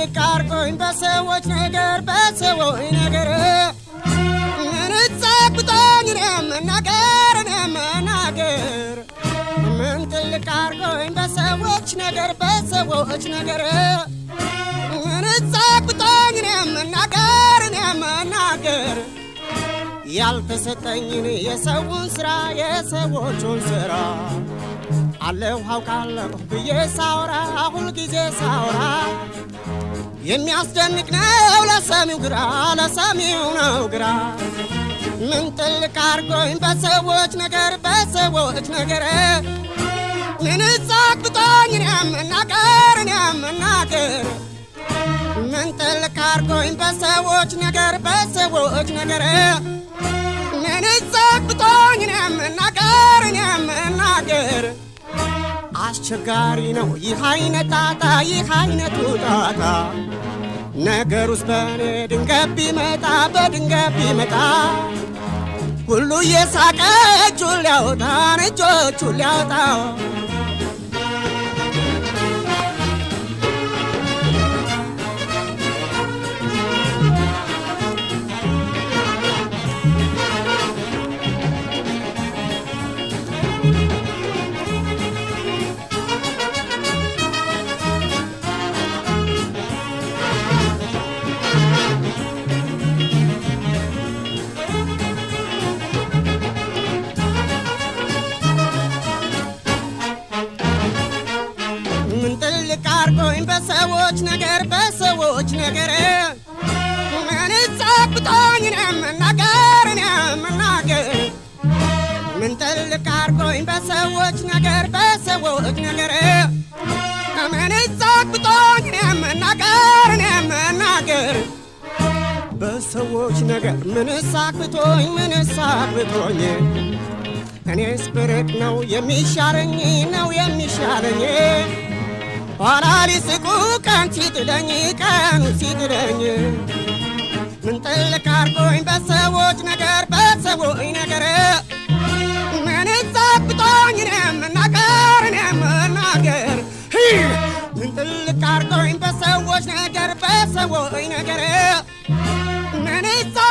ልቅ በሰዎች ነገር በሰዎች ነገር ምንጸጉጠኝ መናገር መናገር ምን ትልቅ አርጎኝ በሰዎች ነገር በሰዎች ነገር ምንጸጉጠኝ መናገር መናገር ያልተሰጠኝን የሰውን ስራ የሰዎቹን ስራ አለሁ አውቃለሁ ብዬ ሳውራ ሁል ጊዜ ሳውራ የሚያስደንቅ ነው ለሰሚው ግራ ለሰሚው ነው ግራ ምን ጥልቅ አርጎኝ በሰዎች ነገር በሰዎች ነገር ምን አግብቶኝ እኔም መናገር እኔም መናገር ምን ጥልቅ አርጎኝ በሰዎች ነገር በሰዎች ነገር አስቸጋሪ ነው ይህ አይነት ጣጣ ይህ አይነቱ ጣጣ ነገር ውስጥ በእኔ ድንገት ቢመጣ በድንገት ቢመጣ ሁሉ የሳቀ እጁን ሊያወጣን እጆቹን ሊያወጣ ግን በሰዎች ነገር በሰዎች ነገር ምን ጸብቶኝ ነው መናገር ነው መናገር ምን ጥልቅ አርጎኝ በሰዎች ነገር በሰዎች ነገር ምን ጸብቶኝ ነው መናገር ነው መናገር በሰዎች ነገር ምን ሳክብቶኝ ምን ሳክብቶኝ እኔስ ብርቅ ነው የሚሻለኝ ነው የሚሻለኝ ኋላ ሊስቁ ቀን ሲጥለኝ ቀኑ ሲጥለኝ ምን ጥልቅ አርጎኝ በሰዎች ነገር በሰዎች ነገር ምን ዛብቶኝ መናገር መናገር ምን ጥልቅ አርጎኝ በሰዎች ነገር በሰዎች ነገር ምን